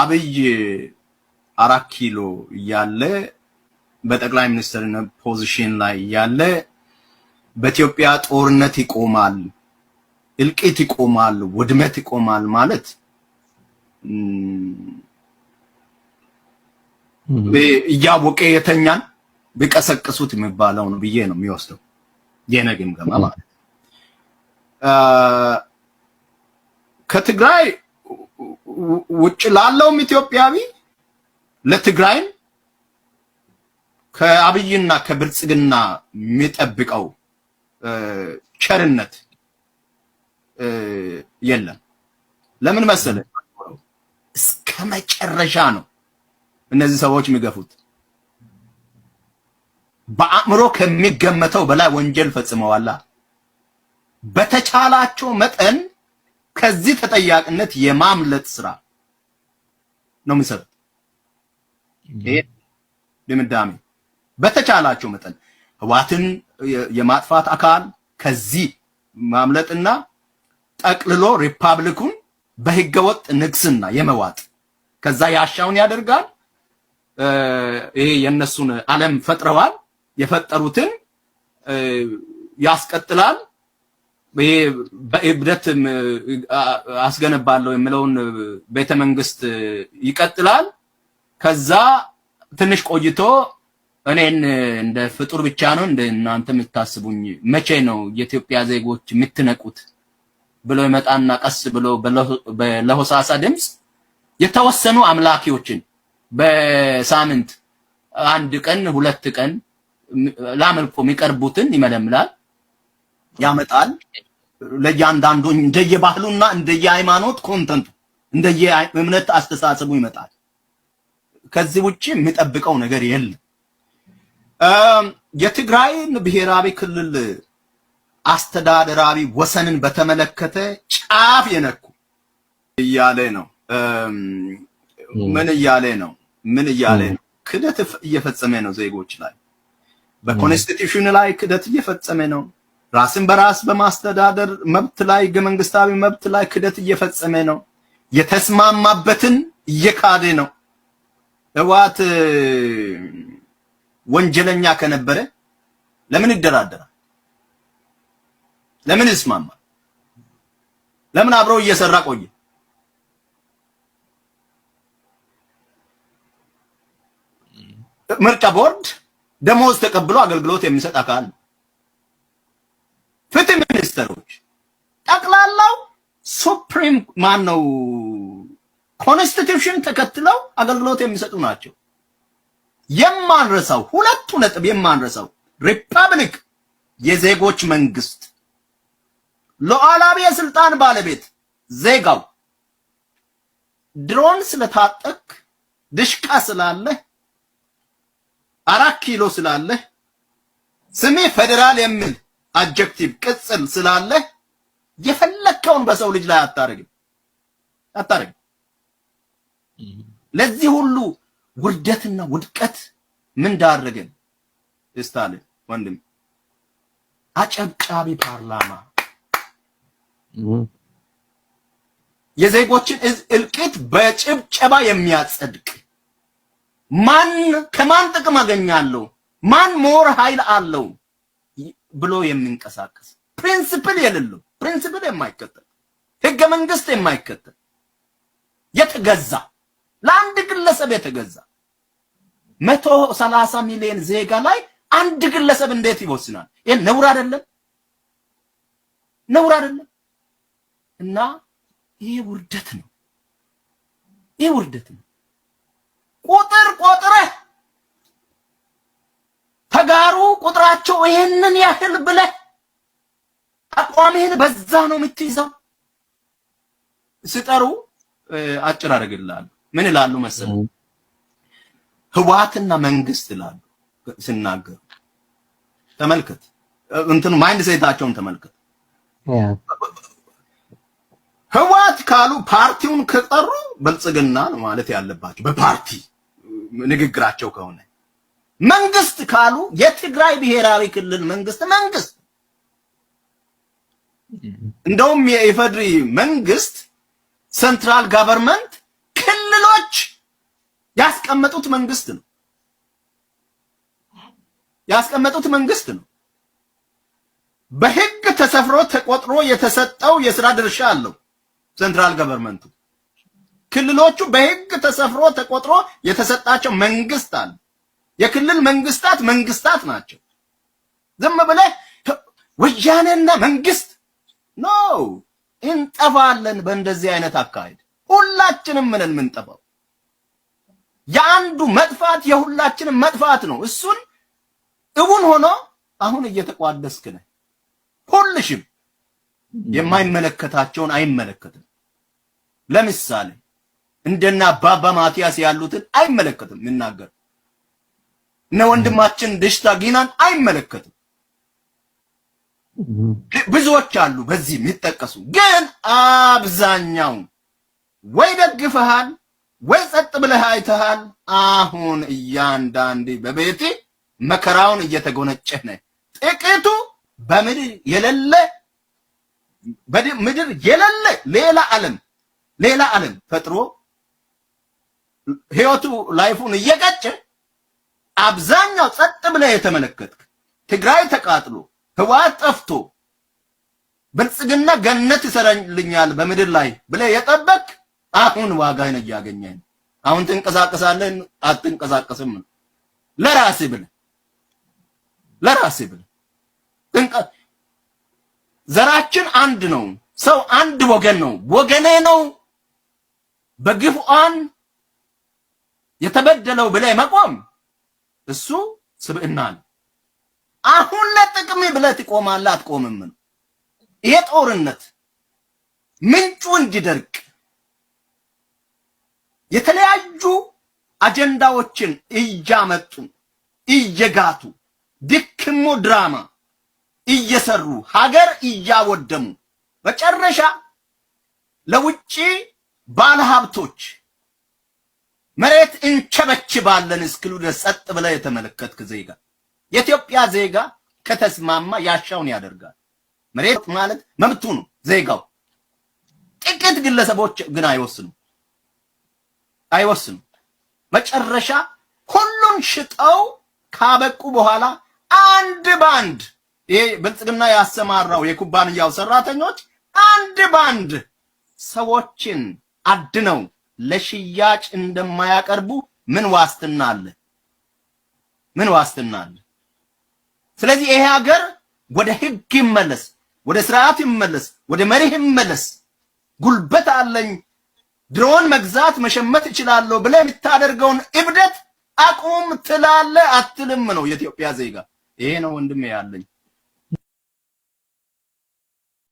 አብይ አራት ኪሎ እያለ በጠቅላይ ሚኒስትርነት ፖዚሽን ላይ እያለ በኢትዮጵያ ጦርነት ይቆማል፣ እልቂት ይቆማል፣ ውድመት ይቆማል ማለት እያወቀ የተኛን ቢቀሰቅሱት የሚባለው ነው ብዬ ነው የሚወስደው የኔ ግምገማ ማለት ከትግራይ ውጭ ላለውም ኢትዮጵያዊ ለትግራይም ከአብይና ከብልጽግና የሚጠብቀው ቸርነት የለም። ለምን መሰለ እስከ መጨረሻ ነው እነዚህ ሰዎች የሚገፉት። በአእምሮ ከሚገመተው በላይ ወንጀል ፈጽመዋላ። በተቻላቸው መጠን ከዚህ ተጠያቂነት የማምለጥ ስራ ነው የሚሰሩት። ይሄ ድምዳሜ በተቻላቸው መጠን ህዋትን የማጥፋት አካል ከዚህ ማምለጥና ጠቅልሎ ሪፐብሊኩን በህገወጥ ንግስና የመዋጥ ከዛ ያሻውን ያደርጋል። ይሄ የእነሱን ዓለም ፈጥረዋል። የፈጠሩትን ያስቀጥላል። በእብደት አስገነባለሁ የምለውን ቤተ መንግስት ይቀጥላል። ከዛ ትንሽ ቆይቶ እኔን እንደ ፍጡር ብቻ ነው እንደ እናንተ የምታስቡኝ፣ መቼ ነው የኢትዮጵያ ዜጎች የምትነቁት ብሎ ይመጣና ቀስ ብሎ በለሆሳሳ ድምፅ የተወሰኑ አምላኪዎችን በሳምንት አንድ ቀን ሁለት ቀን ላመልኮ የሚቀርቡትን ይመለምላል ያመጣል። ለእያንዳንዱ እንደየባህሉና እንደየሃይማኖት ኮንተንቱ እንደየእምነት አስተሳሰቡ ይመጣል። ከዚህ ውጭ የሚጠብቀው ነገር የለም። የትግራይን ብሔራዊ ክልል አስተዳደራዊ ወሰንን በተመለከተ ጫፍ የነኩ እያለ ነው። ምን እያለ ነው? ምን እያለ ነው? ክደት እየፈጸመ ነው ዜጎች ላይ፣ በኮንስቲትዩሽን ላይ ክደት እየፈጸመ ነው። ራስን በራስ በማስተዳደር መብት ላይ ህገ መንግስታዊ መብት ላይ ክደት እየፈጸመ ነው። የተስማማበትን እየካደ ነው። ህወሓት ወንጀለኛ ከነበረ ለምን ይደራደራል? ለምን ይስማማል? ለምን አብሮ እየሰራ ቆየ? ምርጫ ቦርድ ደሞዝ ተቀብሎ አገልግሎት የሚሰጥ አካል ነው። ፍትህ ሚኒስትሮች ጠቅላላው ሱፕሪም ማን ነው ኮንስቲቱሽን ተከትለው አገልግሎት የሚሰጡ ናቸው። የማንረሳው ሁለቱ ነጥብ የማንረሳው ሪፐብሊክ የዜጎች መንግስት፣ ሉዓላዊ የስልጣን ባለቤት ዜጋው ድሮን ስለታጠቅ ድሽቃ ስላለህ አራት ኪሎ ስላለህ ስሜ ፌዴራል የሚል አጀክቲቭ ቅጽል ስላለህ የፈለከውን በሰው ልጅ ላይ አታረግም አታረግም። ለዚህ ሁሉ ውርደትና ውድቀት ምን ዳረገን? ስታሊን ወንድም አጨብጫቢ ፓርላማ የዜጎችን እልቂት በጭብጨባ የሚያጸድቅ ማን ከማን ጥቅም አገኛለሁ? ማን ሞር ኃይል አለው? ብሎ የሚንቀሳቀስ ፕሪንስፕል የሌለው ፕሪንስፕል የማይከተል ህገ መንግስት የማይከተል የተገዛ ለአንድ ግለሰብ የተገዛ መቶ ሰላሳ ሚሊዮን ዜጋ ላይ አንድ ግለሰብ እንዴት ይወስናል? ይሄን ነውር አይደለም? ነውር አይደለም? እና ይሄ ውርደት ነው። ይሄ ውርደት ነው። ቁጥር ቆጥረህ ተጋሩ ቁጥራቸው ይሄንን ያህል ብለህ አቋምህን በዛ ነው የምትይዘው። ስጠሩ አጭር አደርግልሃል። ምን ይላሉ መሰለህ ህወሓትና መንግስት ይላሉ ሲናገሩ ተመልከት፣ እንትኑ ማይንድ ሴታቸውን ተመልከት። ህወሓት ካሉ ፓርቲውን ከጠሩ ብልጽግና ማለት ያለባቸው በፓርቲ ንግግራቸው ከሆነ መንግስት ካሉ የትግራይ ብሔራዊ ክልል መንግስት መንግስት እንደውም የኢፌድሪ መንግስት ሴንትራል ጋቨርመንት ክልሎች ያስቀመጡት መንግስት ነው ያስቀመጡት መንግስት ነው። በህግ ተሰፍሮ ተቆጥሮ የተሰጠው የስራ ድርሻ አለው ሴንትራል ጋቨርመንቱ። ክልሎቹ በህግ ተሰፍሮ ተቆጥሮ የተሰጣቸው መንግስት አለ። የክልል መንግስታት መንግስታት ናቸው። ዝም ብለህ ወያኔና መንግስት ኖ እንጠፋለን። በእንደዚህ አይነት አካሄድ ሁላችንም ምንን የምንጠፋው የአንዱ መጥፋት የሁላችንም መጥፋት ነው። እሱን እውን ሆኖ አሁን እየተቋደስክ ነህ። ሁልሽም የማይመለከታቸውን አይመለከትም። ለምሳሌ እንደና አባባ ማቲያስ ያሉትን አይመለከትም ምናገር እነ ወንድማችን ደሽታ ጊናን አይመለከትም። ብዙዎች አሉ በዚህ የሚጠቀሱ ግን አብዛኛው ወይ ደግፈሃል ወይ ጸጥ ብለህ አይተሃል። አሁን እያንዳንዴ በቤቴ መከራውን እየተጎነጨህ ነህ። ጥቂቱ በምድር የሌለ ምድር የሌለ ሌላ ዓለም ሌላ ዓለም ፈጥሮ ህይወቱ ላይፉን እየቀጨ አብዛኛው ጸጥ ብለህ የተመለከትክ ትግራይ ተቃጥሎ ህወሓት ጠፍቶ ብልጽግና ገነት ይሰራልኛል በምድር ላይ ብለህ የጠበቅ አሁን ዋጋህን እያገኘህ ነው። አሁን ትንቀሳቀሳለህ አትንቀሳቀስም ነው ለራስህ ብለህ ለራስህ ብለህ ዘራችን አንድ ነው። ሰው አንድ ወገን ነው። ወገኔ ነው በግፍዋን የተበደለው ብለህ መቆም እሱ ስብዕና ነው። አሁን ለጥቅሜ ብለህ ትቆማለህ አትቆምም ነው ይሄ ጦርነት ምንጩ እንዲደርቅ የተለያዩ አጀንዳዎችን እያመጡ እየጋቱ ድክሞ ድራማ እየሰሩ ሀገር እያወደሙ መጨረሻ ለውጭ ባለሀብቶች መሬት እንቸበችባለን እስክሉ ለጸጥ ብለ የተመለከትክ ዜጋ የኢትዮጵያ ዜጋ ከተስማማ ያሻውን ያደርጋል። መሬት ማለት መብቱ ነው ዜጋው። ጥቂት ግለሰቦች ግን አይወስኑም አይወስኑም። መጨረሻ ሁሉን ሽጠው ካበቁ በኋላ አንድ ባንድ ይሄ ብልጽግና ያሰማራው የኩባንያው ሰራተኞች አንድ ባንድ ሰዎችን አድነው ለሽያጭ እንደማያቀርቡ ምን ዋስትና አለ? ምን ዋስትና አለ? ስለዚህ ይሄ ሀገር ወደ ህግ ይመለስ፣ ወደ ስርዓት ይመለስ፣ ወደ መሪህ ይመለስ። ጉልበት አለኝ ድሮን መግዛት መሸመት እችላለሁ ብለህ የምታደርገውን እብደት አቁም ትላለህ አትልም ነው የኢትዮጵያ ዜጋ። ይሄ ነው ወንድሜ ያለኝ።